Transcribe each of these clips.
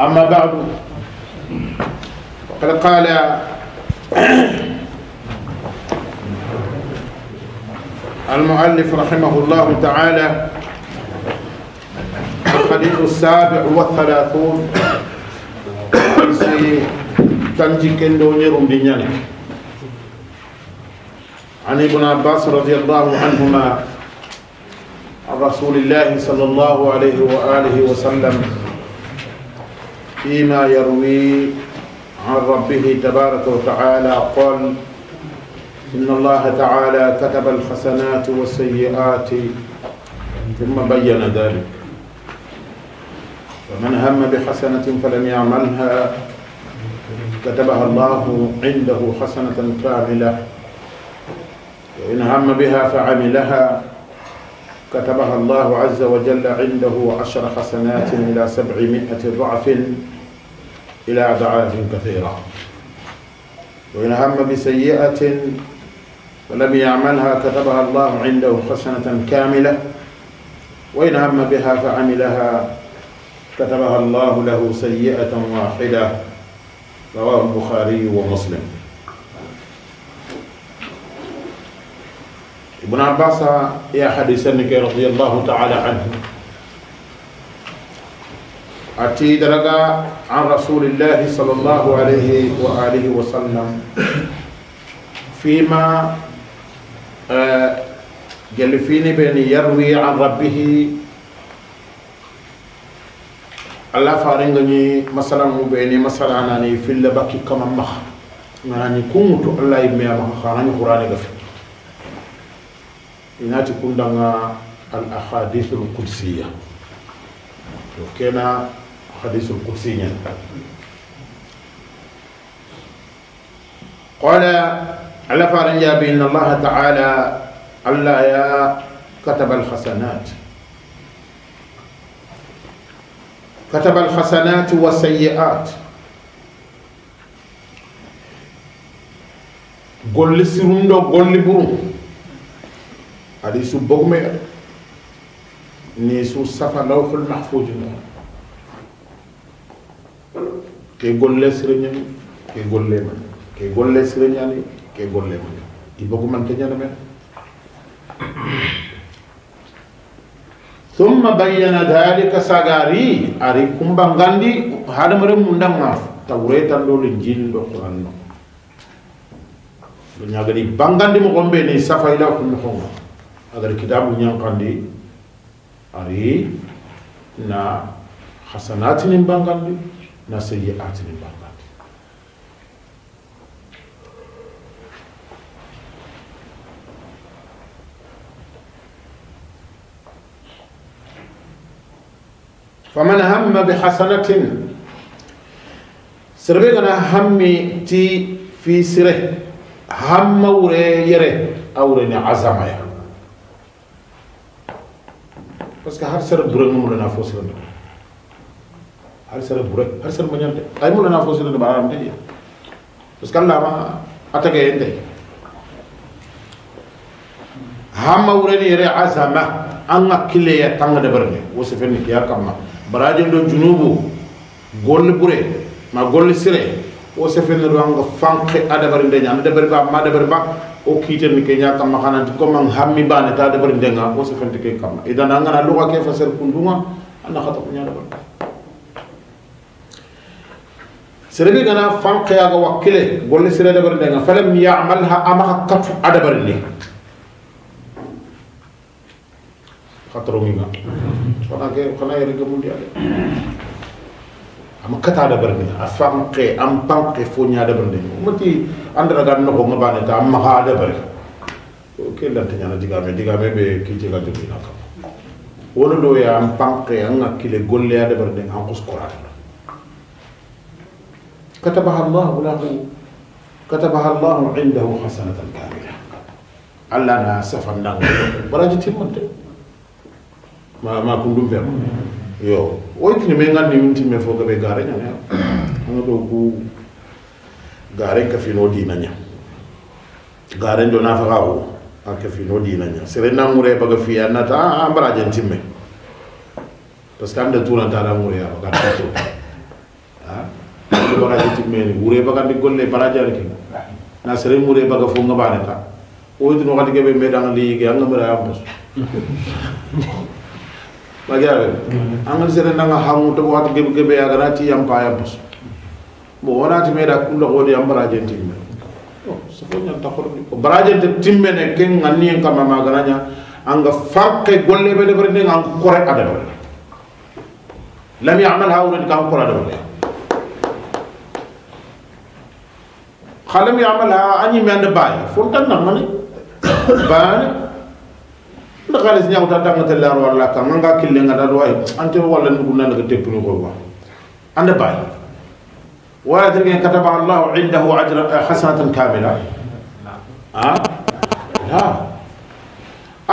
أما بعد فقد قال المؤلف رحمه الله تعالى الحديث السابع والثلاثون تنجي كندو نيرم بنيان عن ابن عباس رضي الله عنهما عن رسول الله صلى الله عليه وآله وسلم فيما يروي عن ربه تبارك وتعالى قال إن الله تعالى كتب الحسنات والسيئات ثم بين ذلك فمن هم بحسنة فلم يعملها كتبها الله عنده حسنة كاملة وإن هم بها فعملها كتبها الله عز وجل عنده عشر حسنات إلى سبعمائة ضعف إلى أضعاف كثيرة وإن هم بسيئة ولم يعملها كتبها الله عنده حسنة كاملة وإن هم بها فعملها كتبها الله له سيئة واحدة رواه البخاري ومسلم ابن عباس يا حديث رضي الله تعالى عنه ati daraga an rasulillahi sallallahu alayhi wa alihi wa sallam fima gelfini beni yarwi an rabbihi alla farenga ñi masalamu beni masalanani filla bakki kama maxa ganani kungutu alla yimmea maxa xanañi qurane gafi inati kundanga al ahadithu lqudsiya kena حديث القدسي يعني. قال على جابي ان الله تعالى ألا يا كتب الحسنات كتب الحسنات والسيئات قل sirum ɗo قل burum aɗa su bogme ni su safa lawhul ke golle sireñani ke golle ma ke golle sireñani ke golle ma di faut man man teñana men summa bayyana dhalika sagari ari kumba ngandi hadamare ma tawre tan do le jil do qur'an no do nyagani bangandi mo gombe ni safaila kun ko agar kitabu qandi ari na hasanatin bangandi من بعض فمن هم بحسنة سربيغنا همي تي في سره هم وري يري أورين عزمه بس كهر سر برمون لنا فوسلنا har sara burak har sara manyante ay mo na fosu na baram te parce que lama atake ente hamma urani yere azama anga kile ya tanga de berne wo se fenni kiya kamma baraje do junubu gol bure ma gol sire wo se fenni do anga fanke adabar de nyam de berba ma de berba o kite ni kenya kamma kana ko man hammi bane ta de berne nga wo se fenni ke kamma idan anga na luga ke fasal kunduma anna khata de serebe gana ga wakile golle barde nga falam yamalha ya amaha katu a dabarinni xatoroginga khana yere yerege mundi ale ama kata ada a fanqe am panqe fo ña muti andra ga noxo nga bane ta maxa dabari ke lanta ñana digame digame ɓe kiitega jogina ka wono do ya am panqe an kile golle ada dabarindenga an sekolah. كتبها الله له كتبها الله عنده حسنة كاملة الله نا سفن نان بلا جتي مونت ما ما كندوم بيام يو ويتني ميغان ني منتي مي فوغا بي غاري نيا نعم. انا دو كو غاري كفينو دينا نيا غاري ndo na fagawo akafino dina nya sere na mure baga fiya na ta ambra jentimme parce que ande tuna tara mure ya baga ko baraji timmeni wure baga ndi golle baraji ala kin na sere mure baga fo ngabane ta o yidino kadi kebe medanga li ge anga mera yambos bagare anga sere nanga hamu to wati gebe gebe ya garati yampa yambos bo wonati meda kullo godi yambara jentimbe oh, sako nyanta horni ko oh, baraji de timme ne ken ngani en kama magananya anga fakke golle be de berne anga kore adabe lam ya'mal hauna kan kore adabe خلم يعمل أني من باي فنتنا مني بان ndaxalis ñawta tangate laar war laka manga kille nga dal way ante wala nduguna ndaga teppini ko wa anda bay wala tirgen kataba allah indahu ajra hasanatan kamila ha la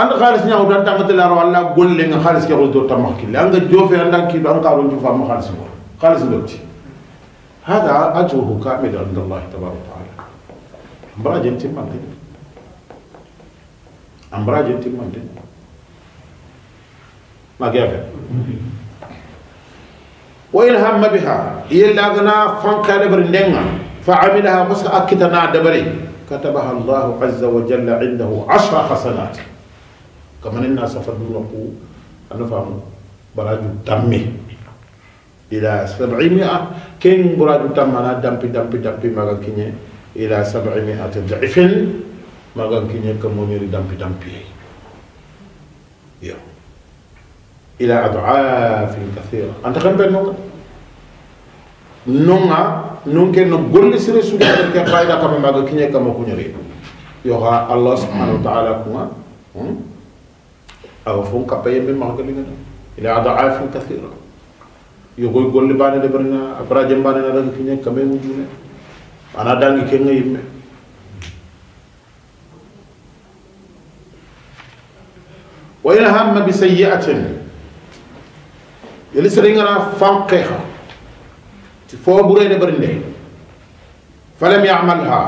anda xaalis ñawta tangate laar wala golle nga xaalis ke do tamax kille anga jofe anda ki do anga ron jufa ma xaalis ngor xaalis ndoti hada ajruhu kamil inda allah tabaraka mbarajen timmande a mbarajen timmande mage a fen wa in hamma biha yellagana fankane bari ndenga fa amilaha koska akkitana dabari katabaha allahu aza wa jalla indahu asra hasanat kamanenna safaduraku ana faamu baraju dammi ila sabimia ken buraju tammana dampi dampi dampi maga kiñe إلى سبعمائة ضعف ما كان كينيا كمونيري دامبي دامبي يو إلى أضعاف كثيرة أنت كم بينهم نونا نون نونك نقول سير سورة كفاية كم ما كان كينيا كمونيري يوها الله سبحانه وتعالى كما أو فون كباية من ما كان إلى أضعاف كثيرة يقول قول لي باني لبرنا أبراج باني نرجع كينيا كم يوجونه ana dangi kenga yimme wa in hamma bi sayyi'atin yeli serengana fanqeha ti fo burede barinde falam ya'malha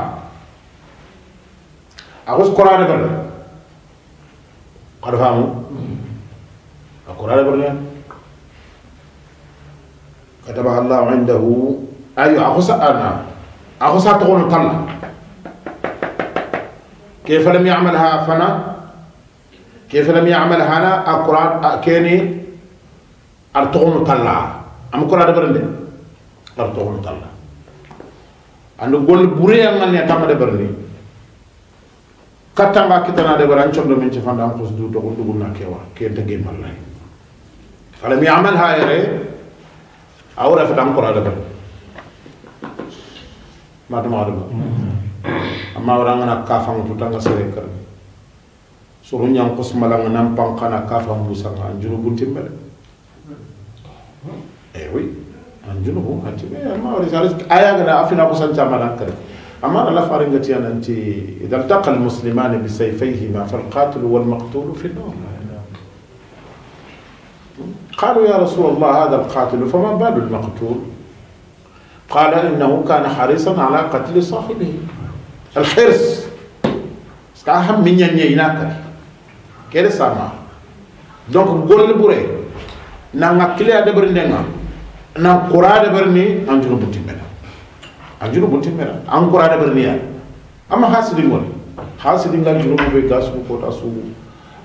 agus qur'ana barne qad famu qur'ana barne كتبها الله عنده أي أخص أنا أخو ساتقون تلا كيف لم يعملها فنا كيف لم يعملها أنا أقرأ كيني أرتقون تلا أم قرأ دبرني أرتقون تلا أنا قول بري أن أنا تام دبرني كتنغا كتنا دبران شو من شفان دام خص دو تقول دبنا كوا كي تجيب الله فلم يعملها يا ري أو رفض أم قرأ دبرني madama adama amma warangana kafaŋo tutanga sere karami soro ñaŋ kosmalaŋa nan pankana kafaŋ busaŋa an junubuntimme de eh oui an junubu antime amma wari saris ayagana afina kusancamanan kare amma ala faringatiya nanti ida ltaqa almuslimani bisayfayhima falqatilu walmaqtulu fi nnar قالوا يا رسول الله هذا القاتل فما بال المقتول قال إنه كان حريصا على قتل صاحبه الحرص استعهم من ينيناك كده سامع donc golle ɓure nanga kile a deɓri ndenga nan kura deɓri ni an juru bunti mena an juru bunti mena an kura deɓri niya amma ha sidi ngol ha sidi ngal juru muɓe ga sugu kota sugu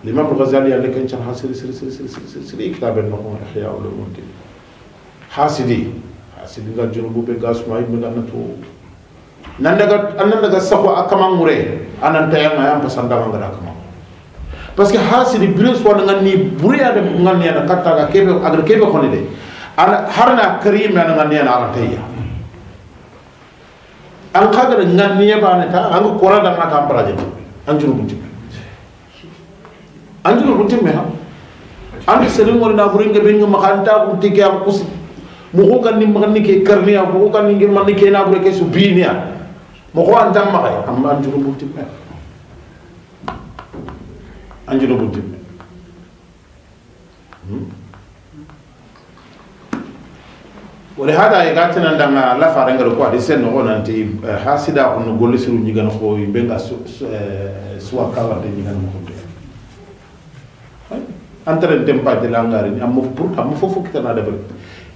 l'imam alghazali alle ken can ha siri siri siri siri siri siri kitabe noxon ihya ulumuddin ha sidi asilinga junubu be ga suma yimɓe ganna to nandaga annandaga sago a kamangure anantayanga yan pasandaga ngada kama parce que ha si di won nga har sidi de suwana ni na ganniyana ga kebe agre kebe khone de ana harna karim na nga ni na ganniyana arantayya an nga ni ba na ta an da na paraje an junubu timme an junubu timme ha an sering wani na buringa nga makanta kunti kaya kusi mogo kan ni magani ke karnia mogo kan ni girmani ke nabure ke su ya. mogo an tan kai am an juro me an juro buntimme wori hada e ga tenan danga la fare ngal ko adi sen no nanti ha eh, hasida on no golle siru nyigan ko be ga kala de nyigan ko antara tempa de langari am mo pour am fofu kitana de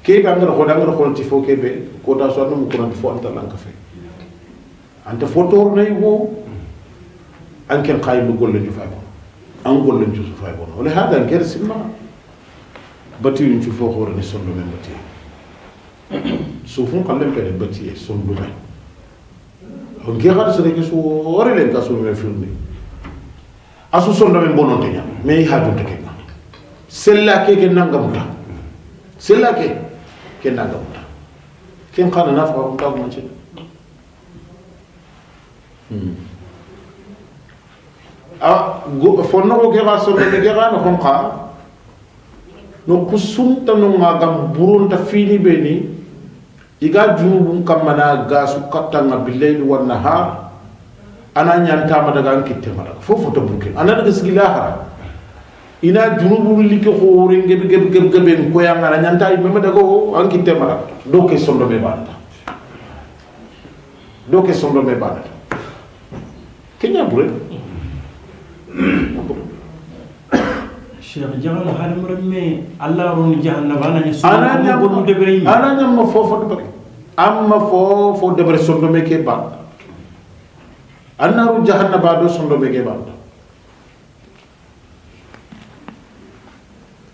كيف عندنا خلنا عندنا خلنا تفوق كيف كودا صارنا ممكن نفوق أنت لانك في أنت فوتور نيو أنك القائم يقول لنا في أبونا أن يقول لنا جزء في أبونا ولهذا أنك رسمنا بتيو نشوف خور نسون لما بتيه سوفون قلنا كده بتيه سون لما هم كي خارج سنة كيسو أري لين تاسو لما فيلمي أسو سون لما بونون تيجا مي هادو تكينا سلا كي كنا نعمتها سلا كي كنا دمنا كين قال نفعه دمنا جدا fonnoxo ke xa sollene ke no ku sumtanonga gam buronta fini ɓe ni iga junubun kammana gasu kattanga billayli wannahar ana ñantama daga an kittema daga fofota Anak ana daga ina junubu wulli ke hoore geɓe geɓe geɓe geɓen koyangana ñanta meme daga o an kitte mara do question ɗo ɓe banata do question ɗo ɓe banata keña ɓure cheikh jahano haɗum remme allah roni jahannaba anañagoɗum debre yimɓe anañamma fofo debre amma fofo debre sondoɓe ke banata annaru jahannaba do sondoɓe ke banata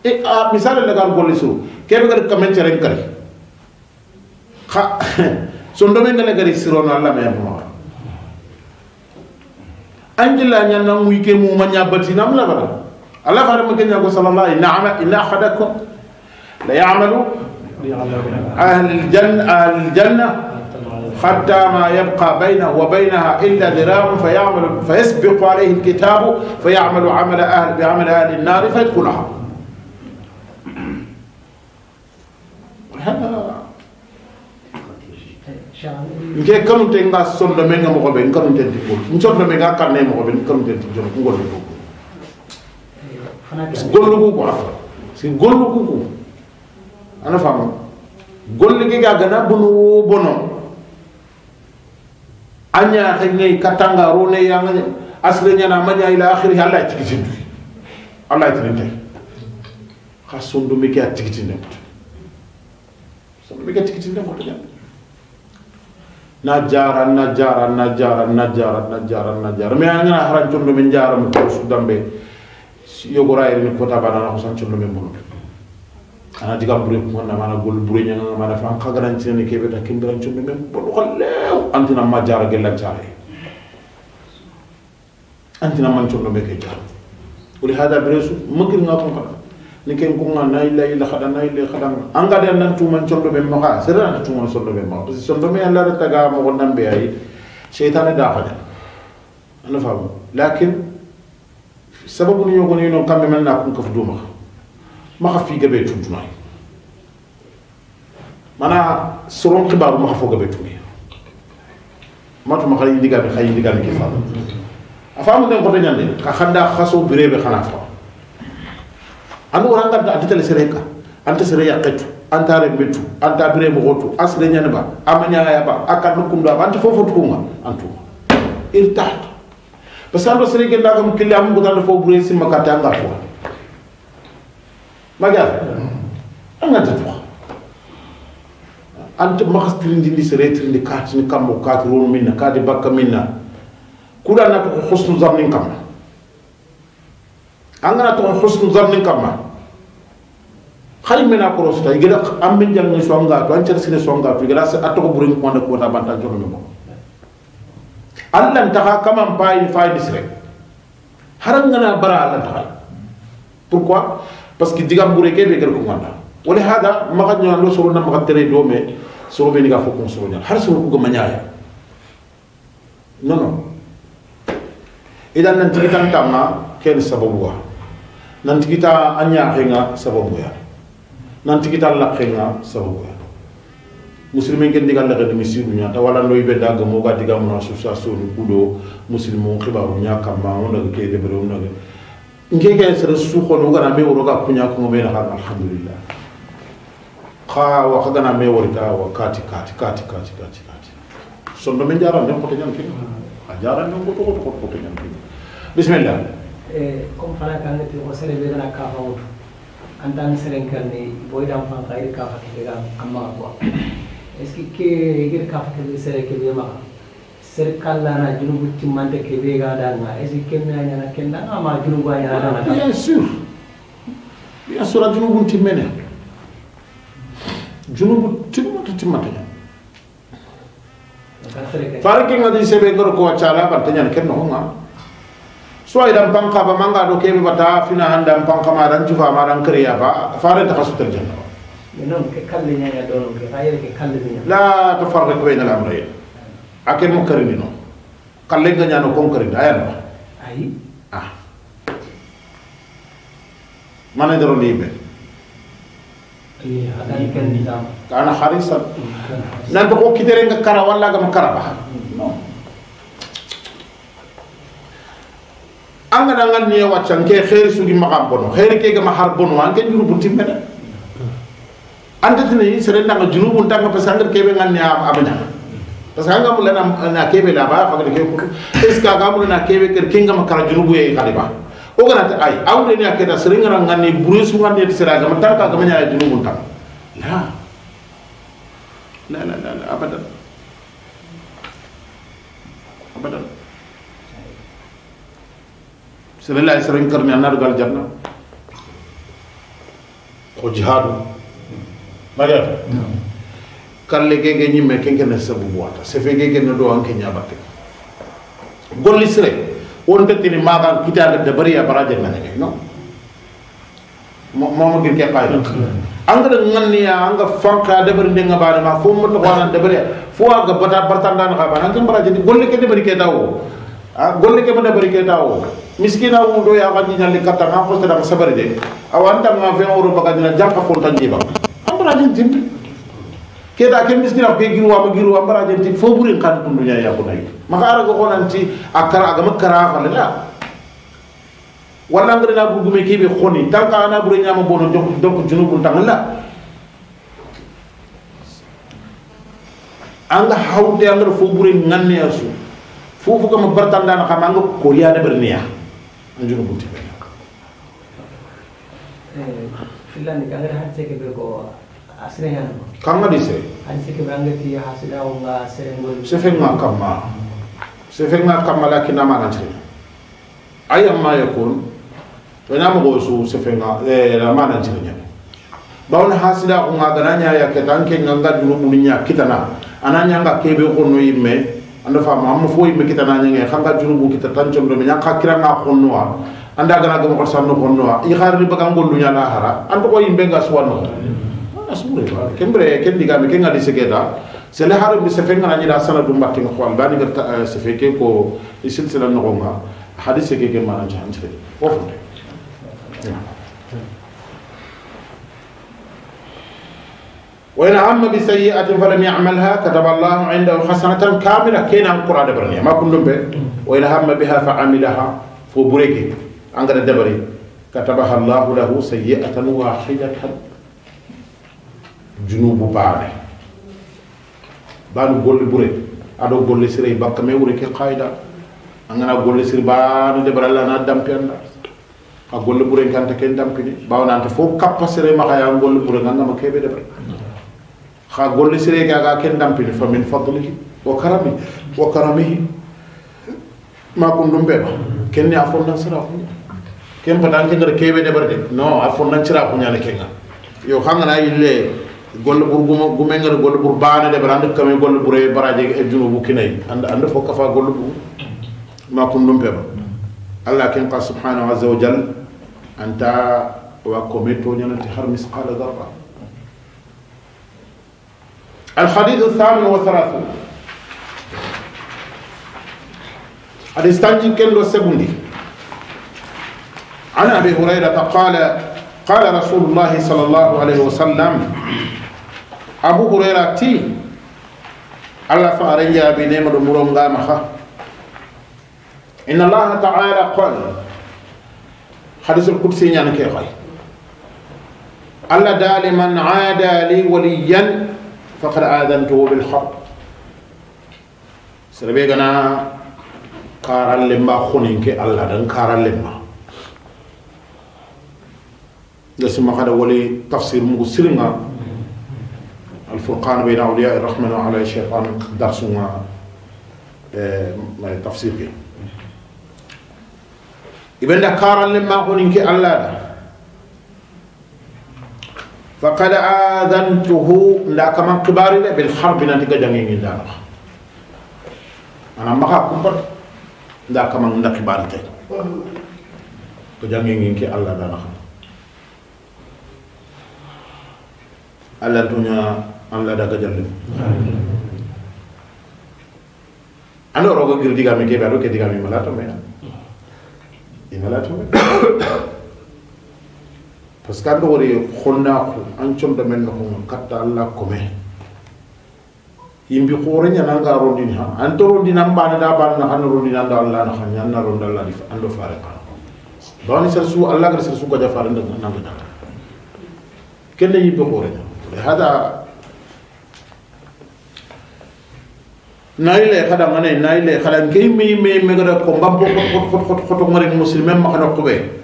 إيه، آه، مثال لك أن أقول لك كيف أقول لك كم من شرين كري خا سندو من دل كري سرنا الله ما يبغى أنجلا أن ينام ويكي مو من يبتدي نام لا بد الله فارم كن يقول صلى الله عليه نعم إلا خدكم لا يعملوا أهل الجنة أهل الجنة حتى ما يبقى بينه وبينها الا ذراع فيعمل فيسبق عليه الكتاب فيعمل عمل اهل بعمل اهل النار فيدخلها haba nke kanute nga sonno men nga mogo ɓe nkanute nti pour nsonno men nga kanna e mogo ɓe nkanute nti jom ngollugu gollugu quoi parce que gollugugu ana fama gollugi ga gana bunu wo bono a ñaata ñayi kattanga rone yang asle ñana maña ila akhiri allah tigi sinduy allah tinin tay xa sondumi ke a tigi tinemta Biqiltuu namoota galu. Najjaara najjaara najjaara najjaara najjaara najjaara miyaa ngaa haran cundu min jaara mu kuusu dambe yogoraa irin kota banana hosan cundu min bulu. Kana diga buri kuma na mana gol buri nyanga na mana fan kaga nan cini kebe da kimbira cundu min bulu kallew antina ma jaara gella jaara. Antina man cundu min ke jaara. Uli hada biresu mungkin ngapun kala. لكن كونا نايل لا إله خدام نايل لا خدام أنغا دين نان تومان صلوا بين مها سيران نان تومان صلوا بين مها بس صلوا بين الله رتاعا مغنا بيعي شيطان دا خدا أنا فاهم لكن سبب نيو غني نو كم من نكون كفدوما ما في جبيت تومناي مانا سرون قبال ما خفوا جبيت تومي ما تومخلي ديجا بخلي ديجا بكفار أفهم دين قرني عندي كخدا خصو بريبه خلاص an waranga da antitele sereka anta sere yaqetu anta rembetu anta bire mogotu asre ñaneba ama ñagayaba a karno ba anta fofotukunga antuma irtahat parce que ando sere ke ndagam kille amu gotanda fo bure simma karte anga tuwa magal anga tatu anta ndi ndi sere ndi tirindi ni kammo kati ronu minna kati bakka minna kuɗa nata ko hosnu zamnin kamma angana to husnu zannin kama hari mena ko rosta igeda ambe jangi songa to an sine songa to igeda sa atoko burin ko ko ta banta jono mo allan ta kama pay fai disre ngana bara allah ta pourquoi parce que digam buré ke be ger ko manda wala hada maga nyana lo soro na ga tere do me soro be ni ga fokon soro nyana har soro ko manyaya non non idan nan tigitan tamma ken sababu wa nanti kita anyahenga ya nanti kita lakhenga ya muslimin ken diga kan laga gadi siru nya tawala no ibe daga mo ga mo so so kudo muslimu khibaru nya kama ona ke de bere ona ngi ke su ko no me woro ga kunya ko me na alhamdulillah kha wa kha me wori ka wa ah, kati kati kati kati kati kati ndo men jara ndo ko te nyam ke a ah, jara ko to ko to ko nyam bismillah comme fana kan ti ko sere be na ka fa wutu an tan seren kan ne boy dan fan ka ir ka fa ke ga amma ko est ce ke ir ka fa ke sere ke be ma sere kala na junubu timmande ke be ga da na est ce ke me anya na ken na ma junubu anya na na bien sûr bien sûr junubu timmene junubu timmata timmata ya farki ngadi sebe gor ko wacala bartanya ken no nga soit idan panka ba manga do kebe bata fina handan panka ma dan jufa ma dan kriya ba fare ta kasu terjanna non ke kalle nya ya don ke hayre ke kalle nya la tafarriq bayna al-amrayn akel mo karini no kalle nga nya no kon karini ayan no ay ah mane do ni be karena nan to ko kitere nga kara walla ga makara non anga da ngan ne waccan ke khair sugi makam bono khair ke gama har bono an ke juru butim mena anda tene sere da juru junu bun tanga pasangar ke be ngan ne abanya pasanga mu lana na ke be la ba fa ke ko eska ga mu na ke be ker juru makara junu bu e kaliba o gana ta ai awde ne akeda sere nga ngan ni buru su ngan ne sere gama tanga gama nya juru bun tanga na na na abadan abadan sallallahu alaihi wasallam karni anar gal janna ko jihadu maga le gege ni me kenke ne sabu wata se fe gege ne do anke batte golli sire on tetini maga kitale de bariya baraje ne no momo gir ke qayda anga da ya anga fanka de bari de ngabana ma fo mo to wana de bari fo aga bata bartanda na ngabana anga baraje golli ke de bari ke tawo golli ke de bari ke miskina wudo kan ya ganji jinjal katta nga ko sedam sabar de awanta nga fe ngoro baga nyala jakka ko tan jiba ambara jin tim ke da ke miskina ke giru wa giru tim fo burin kan ya ko nay maka ara nanti akara agama kara fa la wala ngre na bugu me ke be khoni tan ka ana nyama bono jok dok junubun tan la anga hawde angar fo burin nganne asu fofu kama bartandana kama anga koriya ada juga bukti banyak. Kamma di se, se fengma kamma, se fengma kamma la kina ma nanchi, ayam ma yakun, wena ma gosu se fengma, eh la ma nanchi wenya, bawon hasida unga dana nya yake tanke nganga dulu muninya kita na, ananya nga kebe kono yimme, anda faamu amma fo yimɓe kitanañange juru junubu kita tancondome kira xa kiranga xonnowa anda gana gama xor sanno xonnowa i xarani baga ngolluñana xara an toxo yimɓe nga suwano asmure ya? ken mbire ken ndigame ke ngadi segeda sele xaro mbi sefe da sana du mbatting xoal baniga eh, sefe ke ko i silsila noxonga xadi sege ke mana jaxantere wo funte ya. وإن عم بسيئة فلم يعملها كتب الله عنده حسنة كاملة كينا القرآن دبرني ما كنتم به وإن هم بها فعملها فبريك أنقر دبري كتبها الله له سيئة واحدة جنوب بعد بانو قول بري أدو قول سري بقى ما يوريك قايدة أنا قول سري بانو دبر الله نادم بيانا a golle ɓure دم ken dampini mbawna anta fof kappa sere maka ya golle ɓure ما كيف دبر xa golle sire gaga ken dampini fa min fadlihi wa karamihi wa karamihi ma kun dum be ken ni afon nan sira kunya ken pa dan ken kebe de barde no afon nan sira kunya ne kenga yo xanga na yille golle bur gumo gume ngar golle bur baane de barande kame golle bur e baraje e junu bu kinay and and fo kafa golle bu ma kun dum be allah ken qa subhanahu wa ta'ala anta wa komito nyana ti har misqala dharra الحديث الثامن وثلاثون الاستنجي كل سبندي عن أبي هريرة قال قال رسول الله صلى الله عليه وسلم أبو هريرة تي الله فأرنجا بنيم مرونغا مخا إن الله تعالى قال حديث القدسي يعني كيخي الله دال من عادى لي وليا فقد آذنته بالحرب سربي غنا كارال لما خونينك الله دن كارال لما لسما قد ولي تفسير مغو سيرنا الفرقان بين أولياء الرحمن وعلى الشيطان درسنا اه، تفسير إبن كارال لما خونينك الله دن faqad adantuhu nda kaman kibari le bil harbi nanti ga jangi ni dana ana maka kumpat nda kaman nda kibari te ko jangi ni ki Allah dana Allah dunya Allah daga jangi ando rogo gir diga mi ke baro ke diga mi malato me ina lato me parce que andogori ko an comta men ko katta ko me yimbi xuure ñananga rondini xa anta rondini an mbane da bane na xana rondini da allah na xa ñanna ronda alla ando fare xana bawani sar su allah gar sar su gaja fare na nanga daga kenne yimbi khore nya hada le xada ngane nay le khala yimme yimme me me ko ko ko ko ko ko ko ko ko ko ko ko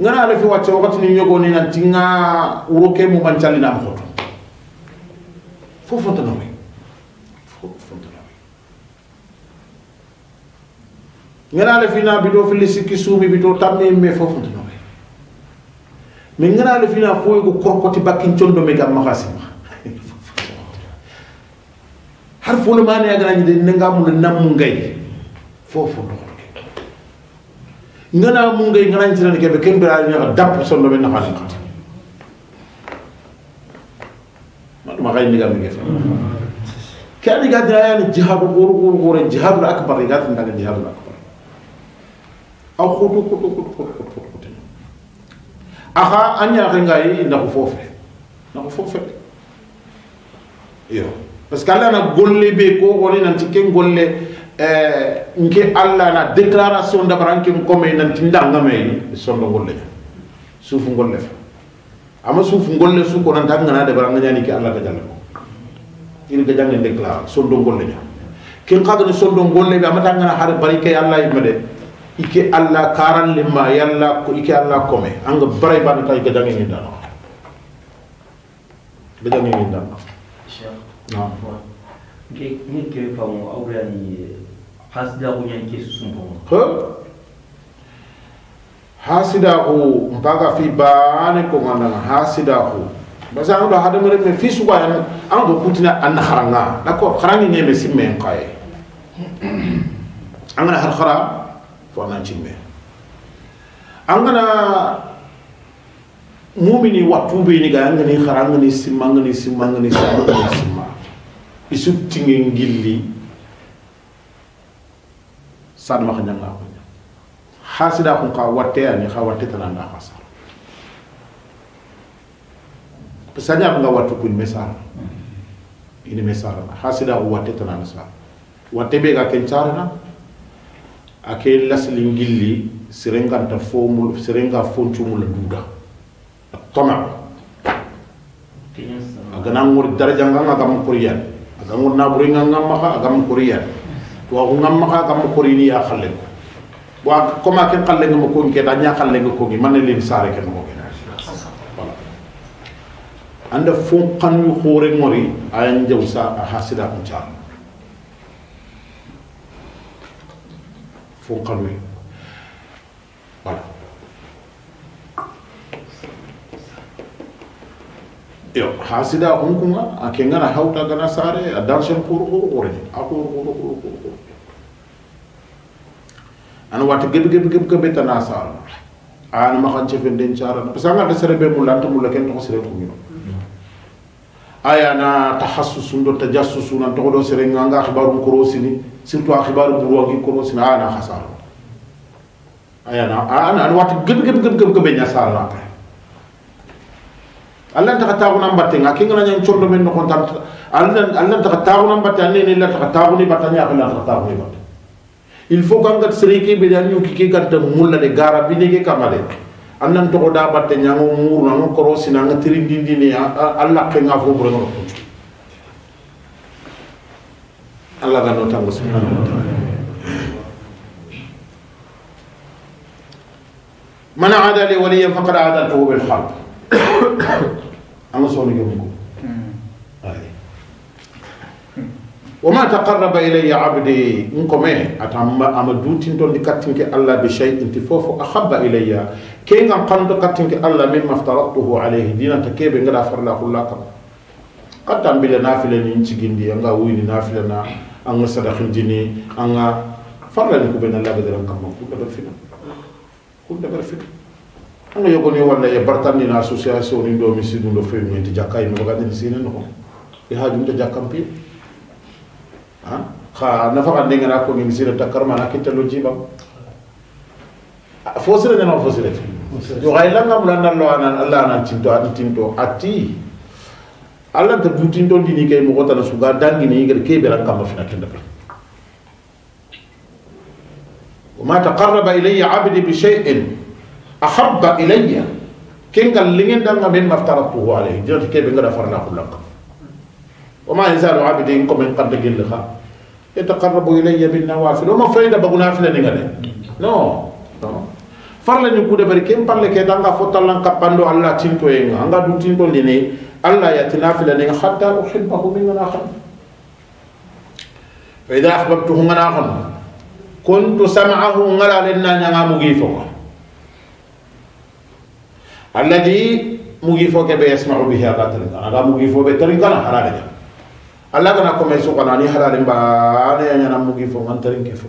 ngana ala fi wacce wakati ni yogo ni nanti nga uro ke mu man challi na ko to fo fo tan mi fo fo tan mi ngana ala fi na bido fi li sikki sumi bido tammi me fo fo tan mi mi ngana ala fi na fo yugo korkoti bakkin condo mi gam makasi ma har fo le mane agana ni de nga mu na namu ngai fo fo tan ngana mu ngay ngana ci tirani kebe ken bira ñu dapp dap lo be nafani ka ma khay ni gam mi gefa kani ga dira yani jihad qur qur qur jihad al akbar ga tin daga jihad al akbar aw khutu khutu khutu khutu khutu aha anya ga ngay na ko fofe na ko fofe iyo parce que ala na golle be ko woni nan ci ken golle nke allah na déclaration dabaranken kome nanti ndangameyi sondo golle ña suufu golle fa ama suufu golle su ko nanta ngana dabaranga ñani ke allah ka jalla ko ini ka jangen déclare sondo golle ña ken kagani sondo golle ɓe amata ngana har bari ke allah yimme de ike allah karan limma yalla ko ike allah kome anga baray banata ike jangen ni dano ɓe jangen ni dano nam ni ke famu awrani hasidaku nyanke susumponga huh? hasidaku mpaka fi baane ko ngandanga hasida ku que ando hada mere me fi suka en ando kutina an kharanga d'accord kharangi nyeme simme nkaye angana har khara fo nan cimme angana mumini watu be ni ga angani kharanga ni kan, simma angani simma angani simma isu tingengilli sadma khanyanga khanya hasida ko ka watte ani kha watte tananda sa pesanya aku watte waktu kun mesar ini mesar hasida ko watte na sa watte be ga kencar na ake laslingilli serenga ta fomul serenga fontumul duda toma agana ngur darajanga nganga kuriyan agana ngur naburinga maka agam kuriyan waxu ngam ma ka mo korini ya xalle wa koma ken xalle ngam ko ngi da nya xalle ngam ko ngi man leen saare ken mo gena anda fon kan yu xore ngori ayan jawsa a hasida ko cha fon kan wi wala iyo hasida onkunga a ke ngana hawta gana sare a dansen kuru kuru kuru a kuru kuru kuru kuru kuru ana wata gebe gebe gebe gebe ta na sara ana makan cefen den cara parce que an ga sere be mulla anta mulla ken to sere to ngino aya na tahassusun do tajassusun an to do sere nganga khibaru kuru sini surtout khibaru buruwangi kuru sini ana khasara aya na ana ana wata gebe gebe gebe gebe nya sara na allah taka taxunan batte nga kengana yang condo men noxonta allah Allah taka taxunan batte Allah nene la taka taxuni batte Allah ñaxela taka taxuni batte il faut qu'on angat sere ke ɓe da ñuki ke ganta mula de gara bine ke kama Allah an nan toxo da batte ñango korosi anga korosina anga ni Allah laqenga fo ɓurenga no allah ga notango subhanahu wa taala من عادى لي وليا فقد عادته بالحرب أنا صوني جمكم طيب. وما تقرب إلي عبدي إيه أتام أما دوتين تون كاتينك الله بشيء أنت فوفو أحب إلي كين عن قند كاتينك الله مما افترضته عليه دينا تكيب إن غفر له الله كم قد تنبيل نافلة نينتشجين دي أنغا ويني نافلة نا أنغا صدقين ديني أنغا فرلا نكوبين الله بدران كم كل دبر فينا كل دبر فينا anga yogoni walla ye bartandina association nin ɗo mi sidundo fewi minte jakka yimɓe ɓagadini sine no on e hajumta jakkam piyo xa nafaxande ngena kongin sine takkarmana kittello jiɓam fosire nena fosirete yo xay langam lanallo alla nan tinto an tinto ati alla nta dutinto ndini kay moxo tana suga dangini gede keɓeran kamma fina kenda ɓe وما تقرب إلي عبدي بشيء أحب إلي كن قال لين دعنا مما افترضته عليه جل كيف بنقدر فرنا كلك وما يزال عبدي إنكم من قد قل لها يتقرب إلي بالنوافل وما فايدة بنافلة نقدر نو نو farla ni kude bari kem parle ke danga fotallan kappando alla tinto en anga du tinto lini alla yatinafila ni hatta uhibbahu min akhar fa idha ahbabtuhu ngana khon kuntu sam'ahu ngala lenna nyanga mugifo الذي مغيفوك بيسمعوا به هذا تريد أنا غا مغيفو بتريد أنا حرام يعني الله كنا كم يسوق أنا ني حرام بان يعني أنا مغيفو من تريد كيفو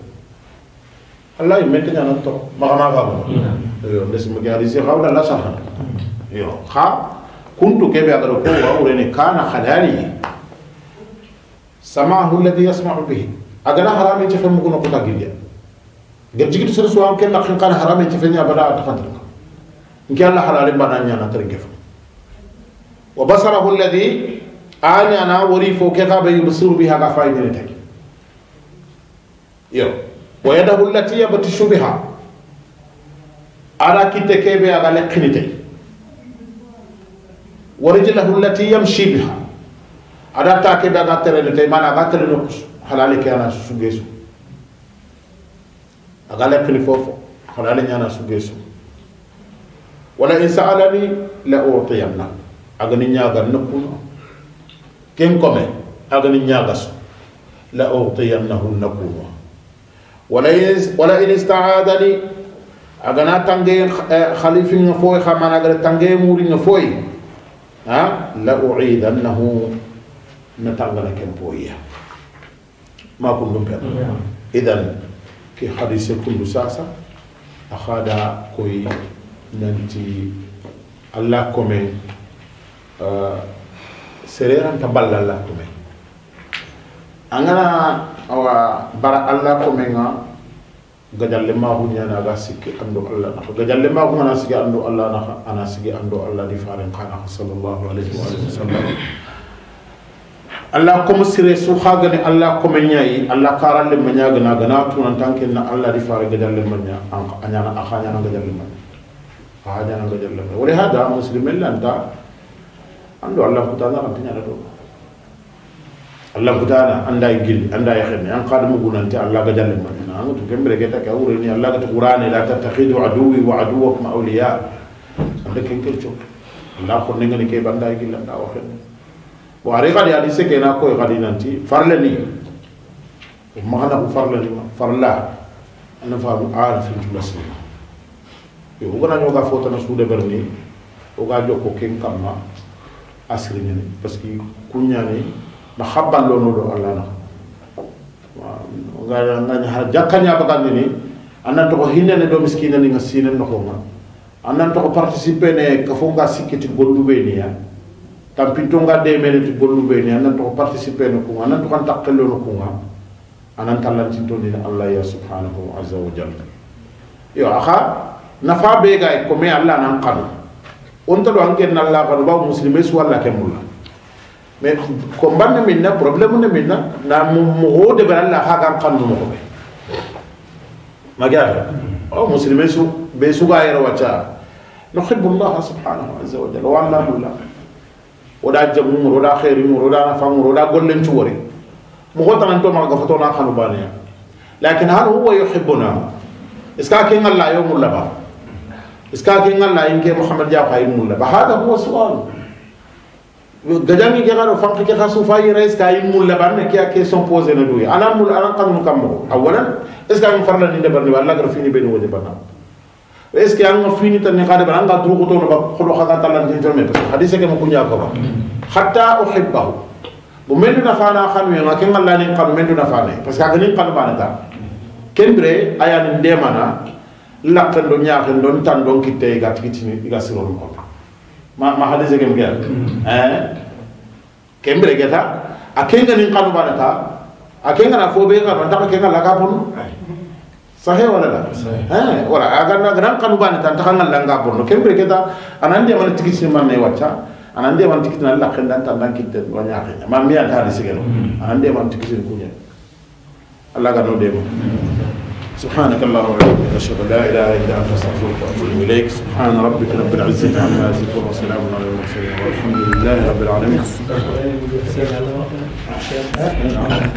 الله يمتى انا تو ما كنا غابو نعم. يو أيوه، بس مجاري زي غابو الله أيوه. سبحانه يو خا كنت كيف هذا ركوع ورني كان حلالي سماه الذي يسمع به أجل حرام يتفهم مكونه كتاجيليا قد جيت سر سوام كن لكن كان حرام يتفهم يا بدر أتفهم nki alla halali bana ñana tere ngefa wa basarahu alladi a ñana wori fo ke xa ɓe yubsiru biha ga fay ñene teg yo wa yadahu allati yabtishu biha ara kitte keɓe aga leqini tey wa rijlahu allati yamshi biha ada ta keɓe aga terene tey mana aga terene halali ke ana susugesu aga leqini fofo halali ñana sugesu ولئن سألني لأعطينه أغني نياغا نكونا كن كومي أغني نياغا سو لأعطينه نكونا ولئن استعادني أغنى تنجي آه، خليف نفوي خمان أغنى تنجي موري نفوي ها لأعيدنه نتغنى كم بويا ما كنتم بيضا نعم. إذن كي حديث كل ساسا أخذ كوي nanti alla come uh, sereranta balla alla come angana awa bara alla come nga gajalle mahu nyana ga sikki ando alla naka gajalle mahu ngana sikki ando alla naka ana sikki ando alla di faren kana sallallahu alaihi wa sallam allah comme sire su xagane allah comme ñayi allah karalle ma ñagana gana tunan tanken na allah di fare gajalle ma ña an añana a xañana gajalle ma فهذا أنا لك ولهذا مسلم الا انت عنده الله كتانا ربنا لدو الله كتانا عند يجل عند يخدم أن يعني قادم يقول أنت الله جل من أنا أنت كم اقول أوريني الله القران لا تتخذوا عدوي وعدوكم أولياء عندك إنك تشوف الله كنا نغني كي بندا يجل أندا وخدم وعريقا يا دي سكينا كوي غادي ننتي فرلني ما أنا فرلني فرلا أنا فاهم عارف إنت بس wogana ñoga fotana ga berni oga jokko ken kamma asiri ñini parce que kuñani na xabballono ɗo allah na ngaña hara jakkañabagandi ni annan toxo hinnene ɗo miskinani nga sinen noxonga annan toxo participe ne ka fo nga sikkiti golluɓeniya tampinto nga demene ti golluɓeni annan toxo participe no kunga ya, annan toxan taqello no kunga anan tallantintonini allah ya subhanahu aza wa jalla yo axa nafa be ga ko me alla nan kanu on to do anke na alla kanu ba muslimi su alla ke mulla me ko banne min na problem ne min na na mu ho de ba alla ha ga kanu mo be magar o muslimi su be su ga yero wacha nuhibbu allah subhanahu azza wa jalla wa alla mulla oda jamu muro oda khairi muro oda nafa muro oda gollen ci wori mo ko tan to ma ga foto na kanu baniya lakin hal huwa yuhibbuna iska ken allah yawmul laba iska ke ngalla in ke muhammad ja fa imulla ba hada huwa su'al gajami ke garo fanki ke khasu fa yi rais ka imulla ba ne ke ke son poser na duya ana mul ana qadun kam mo awalan iska min farla ni debar ni walla gar fini be ni wode bana est ce que an fini tan ni qade bana an ga duru ko to no ba khodo khaga talan ni tome parce que hadise ke mo kunya ko ba hatta uhibbahu bo mendu na fana khanu ya ke ngalla ni qam mendu na fana parce que ga ni qal bana ta kendre aya ni demana lakken do ñaaken do tan don kitte iga tigitini iga siroru kono ma ma hadise gem gel mm. eh kembere geta a kenga nin kanu bana ta a kenga na fobe ga ban ta kenga la ka pon sahe wala la eh wala agana na gran kanu bana ta ta ngal la ga pon kembere geta anande man tigitini man ne wacha anande man tigitini la ken dan tan dan kitte do ñaaken ma mi an hadise gel mm. anande man tigitini kunya Allah ga no demo mm. سبحانك اللهم وبحمدك اشهد ان لا اله الا انت استغفرك واتوب اليك سبحان ربك رب العزه عما يصفون وسلام على المرسلين والحمد لله رب العالمين